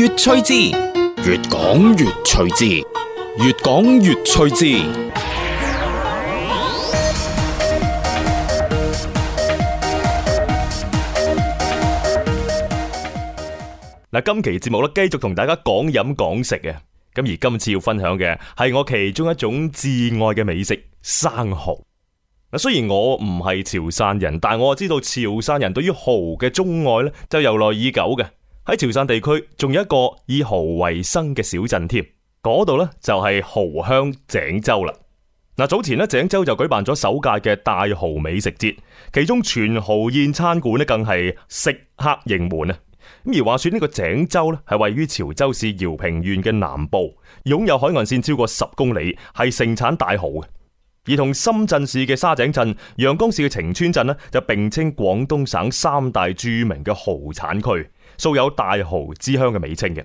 越趣字，越講越趣字，越講越趣字。嗱，今期節目咧，繼續同大家講飲講食嘅，咁而今次要分享嘅係我其中一種至愛嘅美食——生蠔。嗱，雖然我唔係潮汕人，但係我啊知道潮汕人對於蠔嘅鍾愛咧，就由來已久嘅。喺潮汕地區仲有一個以蠔為生嘅小鎮，添嗰度呢就係蠔鄉井州啦。嗱，早前呢，井州就舉辦咗首屆嘅大蠔美食節，其中全蠔宴餐館呢更係食客盈門啊。咁而話說呢個井州呢係位於潮州市饒平縣嘅南部，擁有海岸線超過十公里，係盛產大蠔嘅。而同深圳市嘅沙井鎮、陽江市嘅程村鎮呢，就並稱廣東省三大著名嘅蠔產區。素有大蠔之鄉嘅美稱嘅，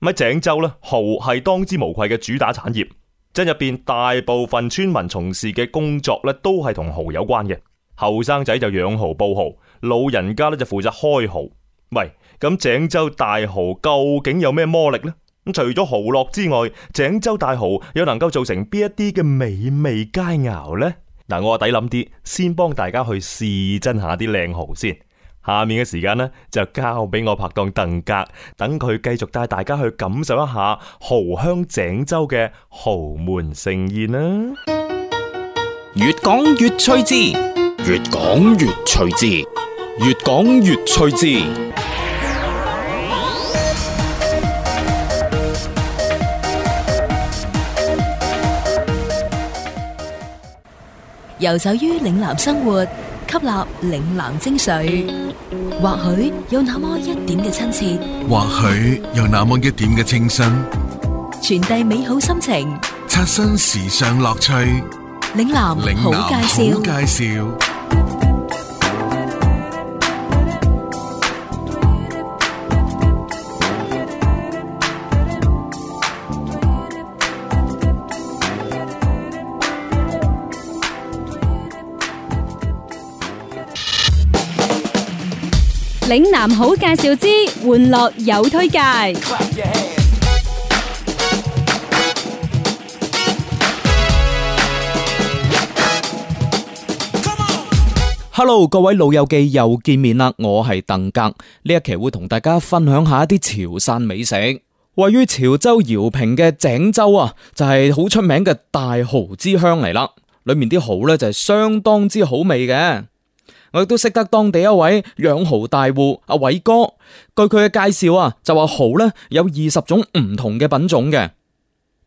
喺井州咧，蠔係當之無愧嘅主打產業。鎮入邊大部分村民從事嘅工作咧，都係同蠔有關嘅。後生仔就養蠔、捕蠔，老人家咧就負責開蠔。喂，咁井州大蠔究竟有咩魔力呢？咁除咗蠔烙之外，井州大蠔又能夠做成邊一啲嘅美味佳肴呢？嗱，我話抵諗啲，先幫大家去試真下啲靚蠔先。下面嘅時間呢，就交俾我拍檔鄧格，等佢繼續帶大家去感受一下豪香井州嘅豪門盛宴啦。越講越趣致，越講越趣致，越講越趣致。遊走於嶺南生活。吸納嶺南精髓，或許有那麼一點嘅親切，或許有那麼一點嘅清新，傳遞美好心情，刷新時尚樂趣。嶺南，好介紹。嶺南好介紹之，玩樂有推介。Hello，各位老友記又見面啦！我係鄧格，呢一期會同大家分享下一啲潮汕美食。位於潮州饒平嘅井州啊，就係好出名嘅大蠔之鄉嚟啦。裏面啲蠔呢，就係相當之好味嘅。我都識得當地一位養蠔大戶阿偉哥，據佢嘅介紹啊，就話蠔呢有二十種唔同嘅品種嘅。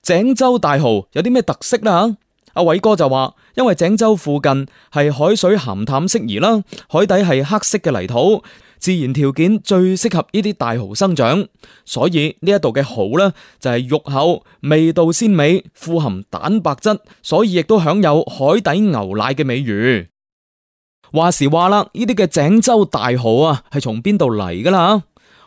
井州大蠔有啲咩特色呢？啊，阿偉哥就話，因為井州附近係海水鹹淡適宜啦，海底係黑色嘅泥土，自然條件最適合呢啲大蠔生長，所以呢一度嘅蠔呢，就係肉厚、味道鮮美、富含蛋白質，所以亦都享有海底牛奶嘅美譽。話時話啦，呢啲嘅井州大蚝啊，係從邊度嚟噶啦？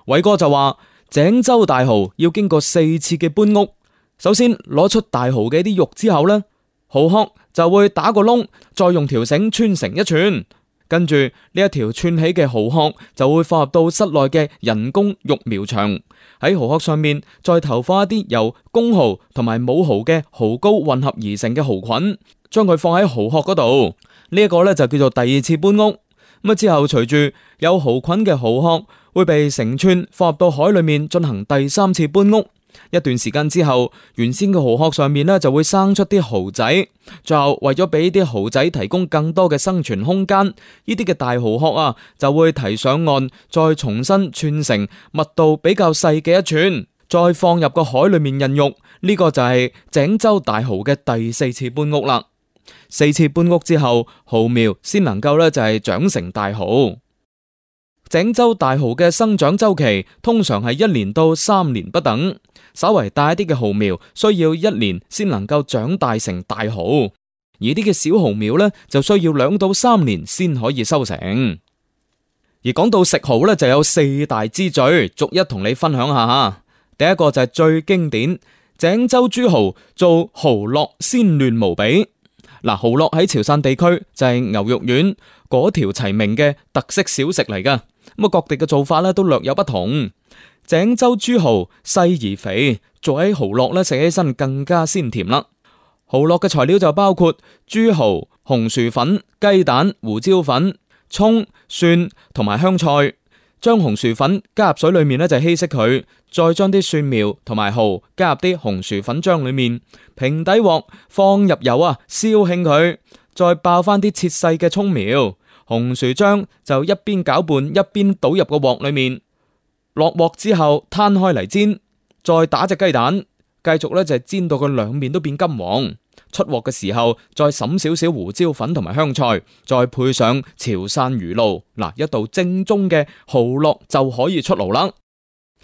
偉哥就話：井州大蚝要經過四次嘅搬屋。首先攞出大蚝嘅啲肉之後呢，蚝殼就會打個窿，再用條繩穿成一串，跟住呢，一條串起嘅蚝殼就會放入到室內嘅人工育苗場。喺蚝殼上面再投放一啲由公蚝同埋母蚝嘅蚝膏混合而成嘅蚝菌，將佢放喺蚝殼嗰度。呢一個咧就叫做第二次搬屋，咁之後隨住有蠔菌嘅蠔殼會被成串放入到海裏面進行第三次搬屋，一段時間之後，原先嘅蠔殼上面咧就會生出啲蠔仔，最後為咗俾啲蠔仔提供更多嘅生存空間，呢啲嘅大蠔殼啊就會提上岸，再重新串成密度比較細嘅一串，再放入個海裏面孕育，呢個就係井州大蠔嘅第四次搬屋啦。四次搬屋之後，蠔苗先能夠咧就係、是、長成大蠔。井州大蠔嘅生長周期通常係一年到三年不等，稍為大一啲嘅蠔苗需要一年先能夠長大成大蠔，而啲嘅小蠔苗咧就需要兩到三年先可以收成。而講到食蠔咧，就有四大之最，逐一同你分享下吓。第一個就係最經典，井州豬蠔做蠔烙鮮嫩無比。嗱，蠔烙喺潮汕地區就係牛肉丸嗰條齊名嘅特色小食嚟㗎。咁啊，各地嘅做法咧都略有不同。井州豬蠔細而肥，做喺蠔烙咧食起身更加鮮甜啦。蠔烙嘅材料就包括豬蠔、紅薯粉、雞蛋、胡椒粉、蔥、蒜同埋香菜。將紅薯粉加入水裏面咧，就稀釋佢。再將啲蒜苗同埋蠔加入啲紅薯粉漿裏面，平底鑊放入油啊，燒興佢，再爆翻啲切細嘅蔥苗，紅薯漿就一邊攪拌一邊倒入個鑊裏面，落鑊之後攤開嚟煎，再打隻雞蛋，繼續咧就是煎到佢兩面都變金黃，出鑊嘅時候再灑少少胡椒粉同埋香菜，再配上潮汕魚露，嗱，一道正宗嘅蠔烙就可以出爐啦。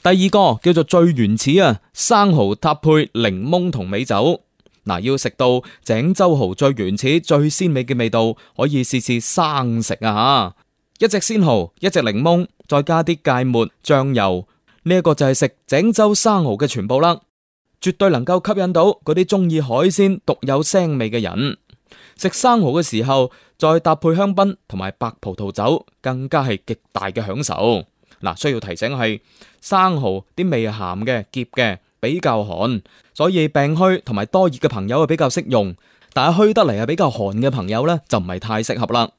第二個叫做最原始啊，生蚝搭配檸檬同美酒。嗱，要食到井州蚝最原始、最鮮美嘅味道，可以試試生食啊！吓，一隻鮮蚝，一隻檸檬，再加啲芥末、醬油，呢、這、一個就係食井州生蚝嘅全部啦。絕對能夠吸引到嗰啲中意海鮮獨有腥味嘅人。食生蚝嘅時候，再搭配香檳同埋白葡萄酒，更加係極大嘅享受。嗱，需要提醒係生蠔啲味鹹嘅、澀嘅，比較寒，所以病虛同埋多熱嘅朋友係比較適用，但係虛得嚟係比較寒嘅朋友呢，就唔係太適合啦。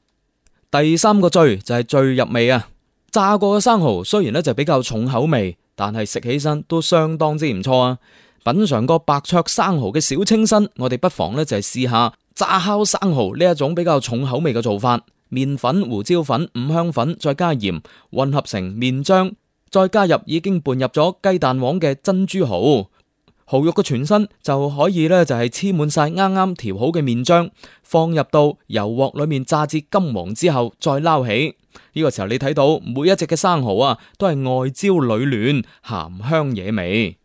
第三個最就係最入味啊！炸過嘅生蠔雖然呢就比較重口味，但係食起身都相當之唔錯啊！品嘗過白灼生蠔嘅小清新，我哋不妨呢就係試下炸烤生蠔呢一種比較重口味嘅做法。麵粉、胡椒粉、五香粉，再加鹽，混合成麵漿，再加入已經拌入咗雞蛋黃嘅珍珠蠔，蠔肉嘅全身就可以呢，就係黐滿晒啱啱調好嘅麵漿，放入到油鑊裏面炸至金黃之後再撈，再撈起呢個時候，你睇到每一隻嘅生蠔啊，都係外焦裏嫩，鹹香惹味。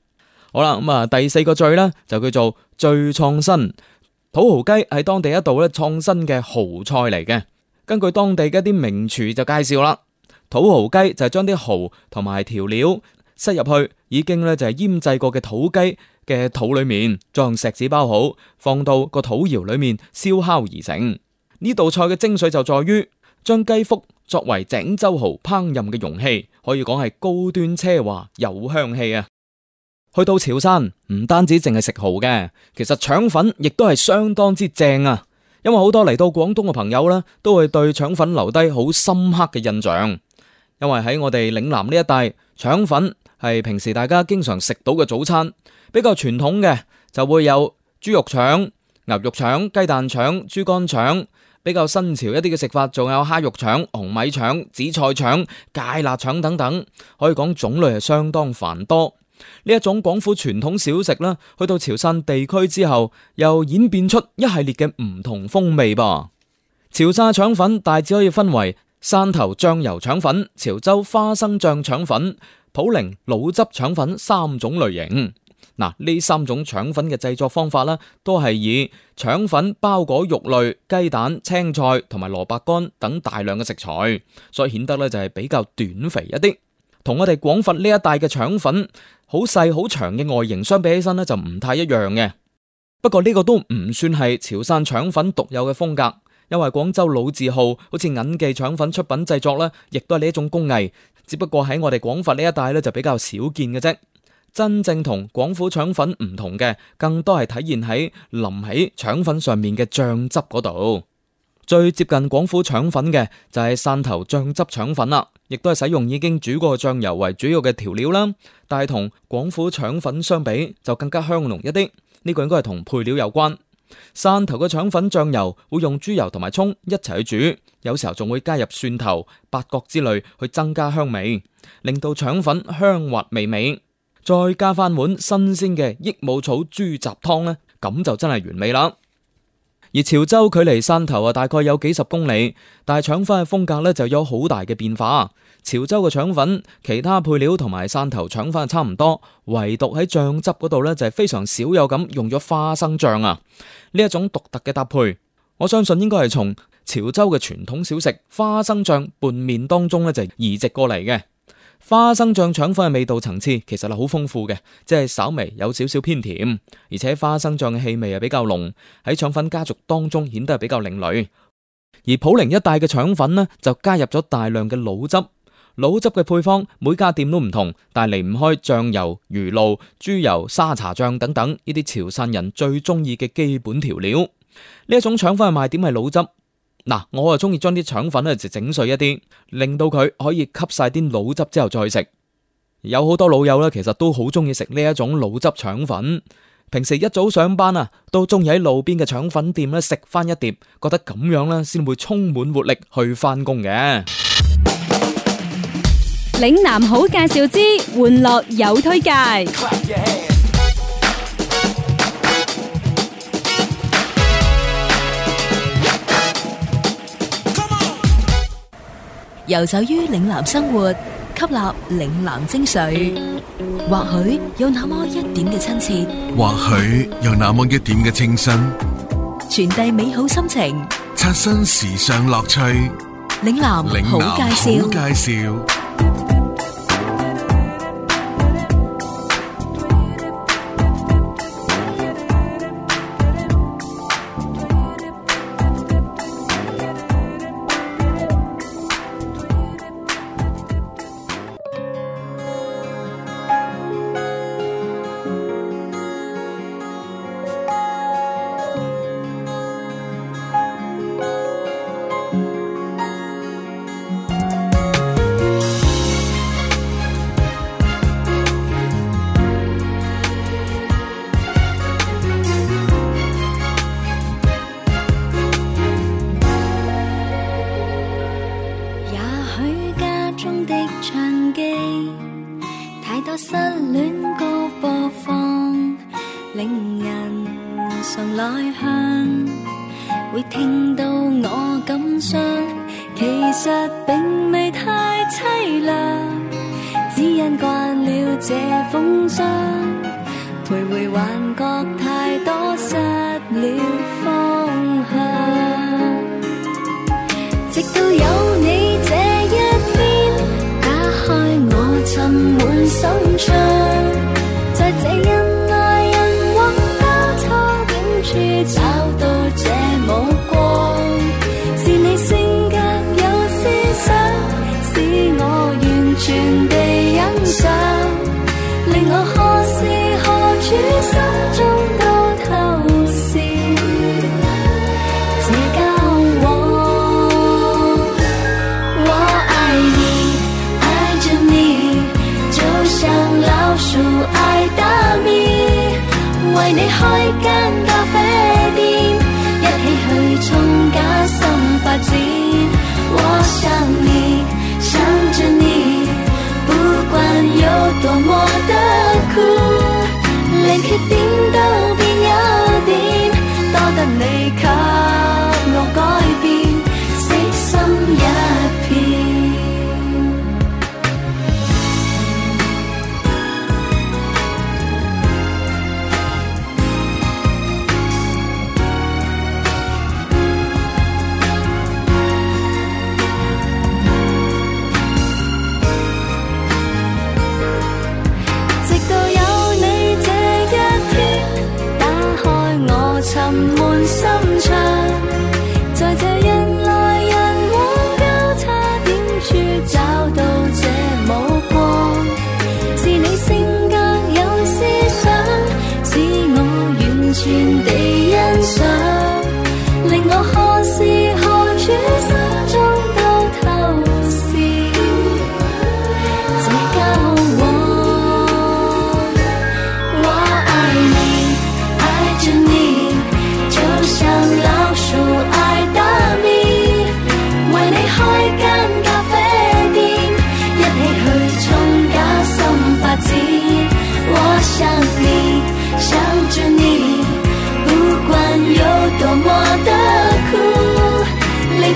好啦，咁、嗯、啊，第四個罪呢，就叫做最創新土豪雞，係當地一道咧創新嘅蠔菜嚟嘅。根據當地嘅一啲名廚就介紹啦，土豪雞就係將啲蠔同埋調料塞入去，已經咧就係、是、醃製過嘅土雞嘅肚裏面，再用錫紙包好，放到個土窯裏面燒烤而成。呢道菜嘅精髓就在於將雞腹作為整州蠔烹飪嘅容器，可以講係高端奢華、有香氣啊！去到潮汕，唔單止淨係食蠔嘅，其實腸粉亦都係相當之正啊！因為好多嚟到廣東嘅朋友呢，都會對腸粉留低好深刻嘅印象。因為喺我哋嶺南呢一帶，腸粉係平時大家經常食到嘅早餐，比較傳統嘅就會有豬肉腸、牛肉腸、雞蛋腸、豬肝腸，比較新潮一啲嘅食法，仲有蝦肉腸、紅米腸、紫菜腸、芥辣腸等等，可以講種類係相當繁多。呢一種廣府傳統小食呢，去到潮汕地區之後，又演變出一系列嘅唔同風味噃。潮汕腸粉大致可以分為汕頭醬油腸粉、潮州花生醬腸粉、普寧滷汁腸粉三種類型。嗱，呢三種腸粉嘅製作方法呢，都係以腸粉、包裹肉類、雞蛋、青菜同埋蘿蔔乾等大量嘅食材，所以顯得呢就係比較短肥一啲。同我哋廣佛呢一帶嘅腸粉好細好長嘅外形相比起身呢，就唔太一樣嘅。不過呢個都唔算係潮汕腸粉獨有嘅風格，因為廣州老字號好似銀記腸粉出品製作呢，亦都係呢一種工藝，只不過喺我哋廣佛呢一帶呢，就比較少見嘅啫。真正同廣府腸粉唔同嘅，更多係體現喺淋喺腸粉上面嘅醬汁嗰度。最接近廣府腸粉嘅就係汕頭醬汁腸粉啦。亦都係使用已經煮過嘅醬油為主要嘅調料啦，但係同廣府腸粉相比就更加香濃一啲。呢個應該係同配料有關。汕頭嘅腸粉醬油會用豬油同埋蔥一齊去煮，有時候仲會加入蒜頭、八角之類去增加香味，令到腸粉香滑美味。再加翻碗新鮮嘅益母草豬雜湯呢，咁就真係完美啦。而潮州距離汕頭啊，大概有幾十公里，但係腸粉嘅風格咧就有好大嘅變化。潮州嘅腸粉，其他配料同埋汕頭腸粉差唔多，唯獨喺醬汁嗰度咧就係非常少有咁用咗花生醬啊呢一種獨特嘅搭配，我相信應該係從潮州嘅傳統小食花生醬拌麵當中咧就移植過嚟嘅。花生醬腸粉嘅味道層次其實係好豐富嘅，即係稍微有少少偏甜，而且花生醬嘅氣味係比較濃，喺腸粉家族當中顯得係比較另類。而普寧一帶嘅腸粉呢，就加入咗大量嘅卤汁，卤汁嘅配方每家店都唔同，但係離唔開醬油、魚露、豬油、沙茶醬等等呢啲潮汕人最中意嘅基本調料。呢一種腸粉嘅賣點係卤汁。嗱，我啊中意將啲腸粉咧就整碎一啲，令到佢可以吸晒啲滷汁之後再食。有好多老友咧，其實都好中意食呢一種滷汁腸粉。平時一早上班啊，都中意喺路邊嘅腸粉店咧食翻一碟，覺得咁樣咧先會充滿活力去翻工嘅。嶺南好介紹之，玩樂有推介。遊走於嶺南生活，吸納嶺南精髓，或許有那麼一點嘅親切，或許有那麼一點嘅清新，傳遞美好心情，刷新時尚樂趣。嶺南好介紹。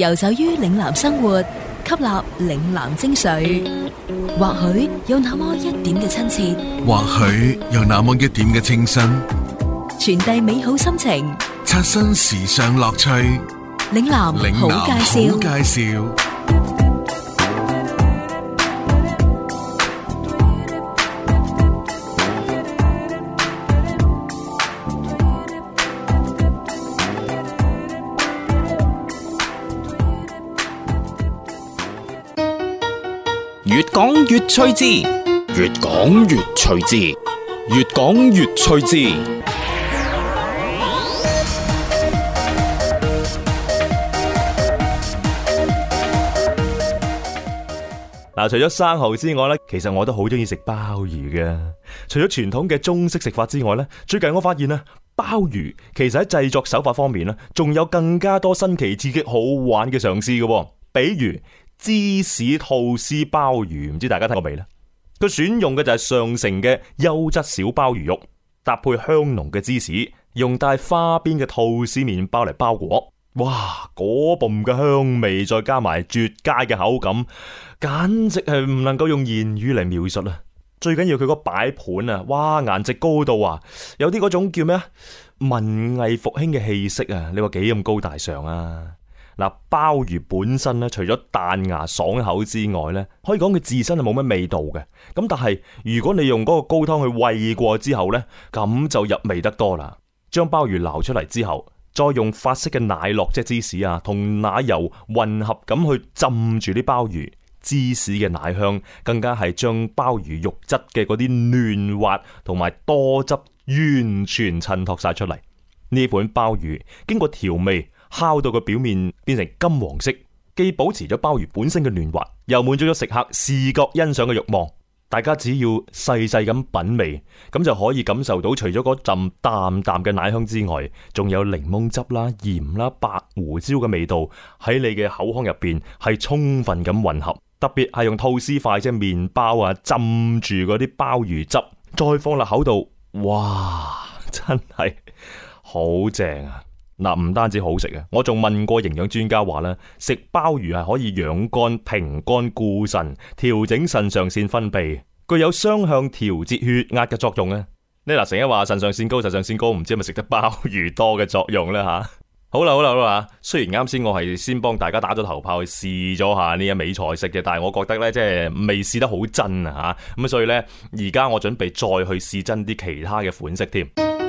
遊走於嶺南生活，吸納嶺南精髓，或許有那麼一點嘅親切，或許有那麼一點嘅清新，傳遞美好心情，刷新時尚樂趣。嶺南好介紹。越趣之，越講越趣之，越講越趣之。嗱，越越趣之除咗生蚝之外咧，其實我都好中意食鮑魚噶。除咗傳統嘅中式食法之外咧，最近我發現啊，鮑魚其實喺製作手法方面咧，仲有更加多新奇刺激、好玩嘅嘗試噶。比如芝士吐司鮑魚，唔知大家睇過未咧？佢選用嘅就係上乘嘅優質小鮑魚肉，搭配香濃嘅芝士，用帶花邊嘅吐司麵包嚟包裹。哇，嗰部嘅香味，再加埋絕佳嘅口感，簡直係唔能夠用言語嚟描述啦、啊！最緊要佢個擺盤啊，哇，顏值高到啊，有啲嗰種叫咩啊，文藝復興嘅氣息啊，你話幾咁高大上啊！嗱，鮑魚本身咧，除咗彈牙爽口之外咧，可以講佢自身係冇乜味道嘅。咁但係如果你用嗰個高湯去煨過之後咧，咁就入味得多啦。將鮑魚撈出嚟之後，再用法式嘅奶酪即芝士啊，同奶油混合咁去浸住啲鮑魚，芝士嘅奶香更加係將鮑魚肉質嘅嗰啲嫩滑同埋多汁完全襯托晒出嚟。呢款鮑魚經過調味。烤到個表面變成金黃色，既保持咗鮑魚本身嘅嫩滑，又滿足咗食客視覺欣賞嘅欲望。大家只要細細咁品味，咁就可以感受到除咗嗰陣淡淡嘅奶香之外，仲有檸檬汁啦、鹽啦、白胡椒嘅味道喺你嘅口腔入邊係充分咁混合。特別係用吐司塊即係麵包啊，浸住嗰啲鮑魚汁再放落口度，哇！真係好正啊！嗱，唔單止好食啊，我仲問過營養專家話咧，食鮑魚係可以養肝、平肝、固腎、調整腎上腺分泌，具有雙向調節血壓嘅作用咧。呢嗱、啊、成日話腎上腺高、腎上腺高，唔知係咪食得鮑魚多嘅作用咧吓、啊，好啦好啦好啦嚇，雖然啱先我係先幫大家打咗頭炮，去試咗下呢一味菜式嘅，但係我覺得咧，即係未試得好真啊吓，咁所以咧，而家我準備再去試真啲其他嘅款式添。啊。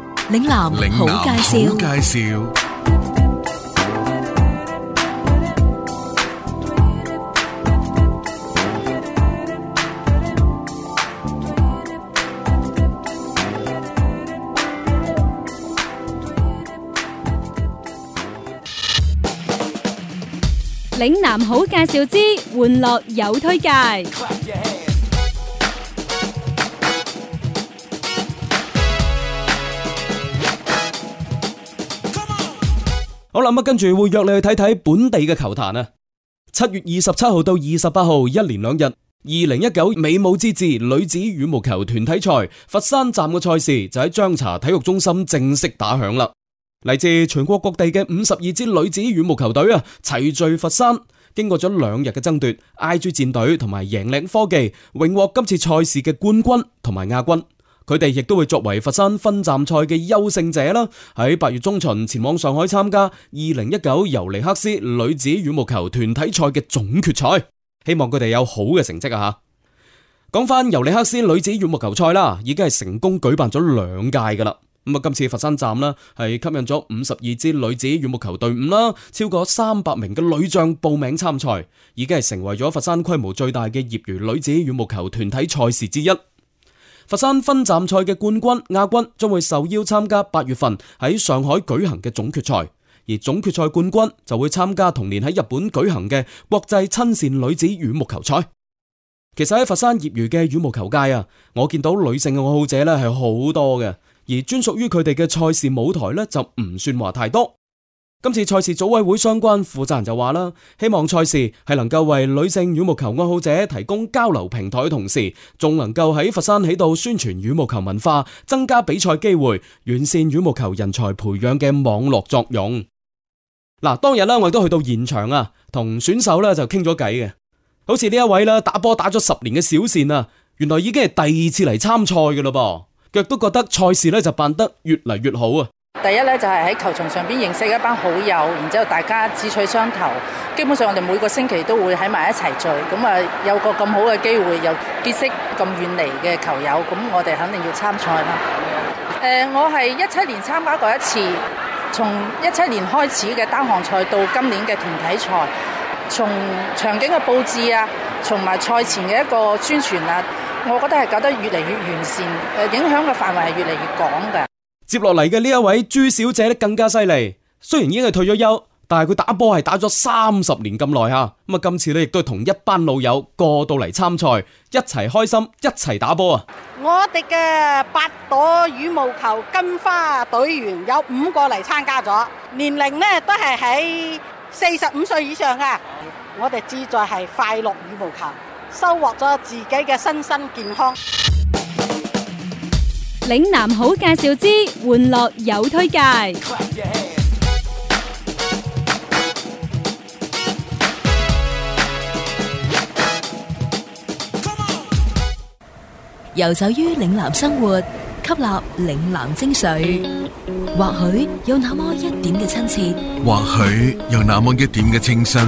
嶺南好介紹，嶺南好介紹。嶺南好介紹之玩樂有推介。我諗跟住會約你去睇睇本地嘅球壇啊！七月二十七號到二十八號，一連兩日，二零一九美武之志女子羽毛球團體賽佛山站嘅賽事就喺張槎體育中心正式打響啦！嚟自全國各地嘅五十二支女子羽毛球隊啊，齊聚佛山。經過咗兩日嘅爭奪，I G 戰隊同埋贏領科技榮獲今次賽事嘅冠軍同埋亞軍。佢哋亦都會作為佛山分站賽嘅優勝者啦，喺八月中旬前往上海參加二零一九尤尼克斯女子羽毛球團體賽嘅總決賽。希望佢哋有好嘅成績啊！吓，講翻尤尼克斯女子羽毛球賽啦，已經係成功舉辦咗兩屆噶啦。咁啊，今次佛山站啦係吸引咗五十二支女子羽毛球隊伍啦，超過三百名嘅女將報名參賽，已經係成為咗佛山規模最大嘅業餘女子羽毛球團體賽事之一。佛山分站賽嘅冠軍、亞軍將會受邀參加八月份喺上海舉行嘅總決賽，而總決賽冠軍就會參加同年喺日本舉行嘅國際親善女子羽毛球賽。其實喺佛山業餘嘅羽毛球界啊，我見到女性嘅愛好者咧係好多嘅，而專屬於佢哋嘅賽事舞台咧就唔算話太多。今次賽事組委會相關負責人就話啦，希望賽事係能夠為女性羽毛球愛好者提供交流平台，同時仲能夠喺佛山起到宣傳羽毛球文化、增加比賽機會、完善羽毛球人才培養嘅網絡作用。嗱、啊，當日啦，我亦都去到現場啊，同選手咧就傾咗偈嘅，好似呢一位啦，打波打咗十年嘅小善啊，原來已經係第二次嚟參賽㗎嘞噃，腳都覺得賽事咧就辦得越嚟越好啊！第一咧就係、是、喺球場上邊認識一班好友，然之後大家志趣相投，基本上我哋每個星期都會喺埋一齊聚，咁、嗯、啊有個咁好嘅機會又結識咁遠嚟嘅球友，咁、嗯、我哋肯定要參賽啦。誒、呃，我係一七年參加過一次，從一七年開始嘅單項賽到今年嘅團體賽，從場景嘅佈置啊，同埋賽前嘅一個宣傳啊，我覺得係搞得越嚟越完善，誒，影響嘅範圍係越嚟越廣嘅。接落嚟嘅呢一位朱小姐咧更加犀利，雖然已經係退咗休，但係佢打波係打咗三十年咁耐吓，咁啊今次咧亦都同一班老友過到嚟參賽，一齊開心，一齊打波啊！我哋嘅八朵羽毛球金花隊員有五個嚟參加咗，年齡呢都係喺四十五歲以上嘅，我哋志在係快樂羽毛球，收穫咗自己嘅身心健康。嶺南好介紹之，玩樂有推介。遊走於嶺南生活，吸納嶺南精髓，或許有那麼一點嘅親切，或許有那麼一點嘅清新，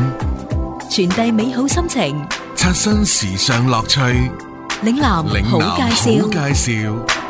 傳遞美好心情，刷新時尚樂趣。嶺南好介紹。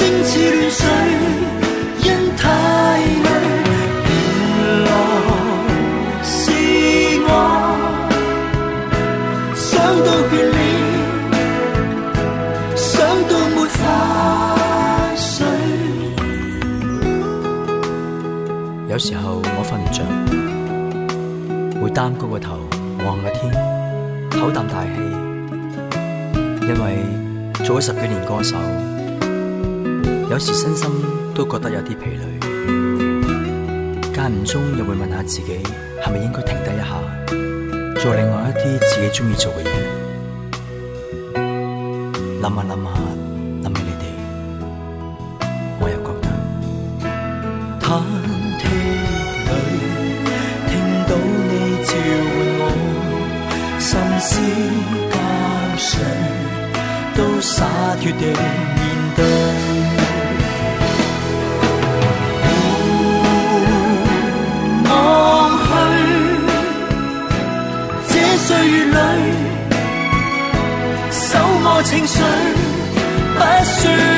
似水，想想到到有時候我瞓唔着，會擔高個頭望個天，唞啖大氣，因為做咗十幾年歌手。有時身心都覺得有啲疲累，間唔中又會問下自己，係咪應該停低一下，做另外一啲自己中意做嘅嘢？諗下諗下，諗起你哋，我又覺得，忐忑裏聽到你召喚我，心思交瘁，都灑脱地面對。情緒不算。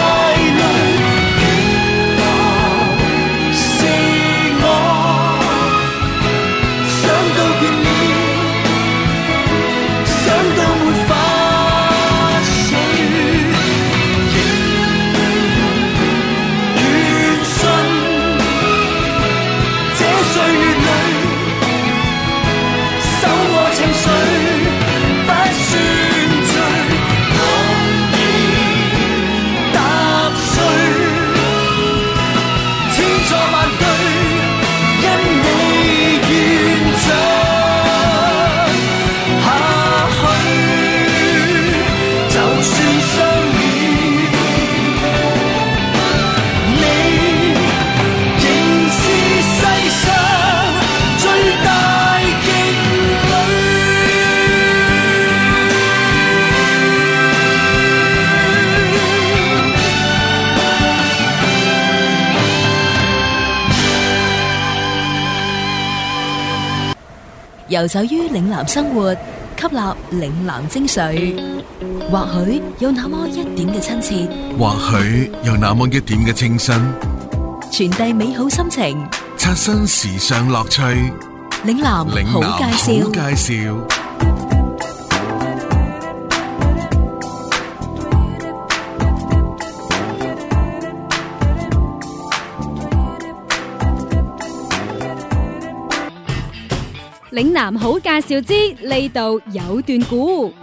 遊走於嶺南生活，吸納嶺南精髓，或許有那麼一點嘅親切，或許有那麼一點嘅清新，傳遞美好心情，刷新時尚樂趣。嶺南好介紹，好介紹。嶺南好介紹之，呢度有段古。